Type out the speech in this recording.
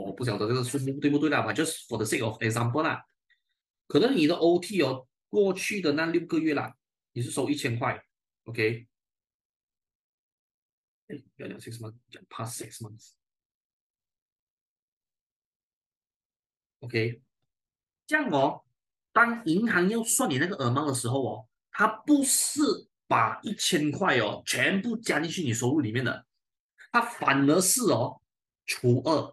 我唔知道這個數目對不對啦，反正 for the sake of example 啦，可能你的 OT 哦過去的那六個月啦，你是收一千塊，OK？哎，got six months, got past six months。OK，這樣哦，當銀行要算你那個額滿的時候哦，它不是把一千塊哦全部加進去你收入裏面的，它反而是哦除二。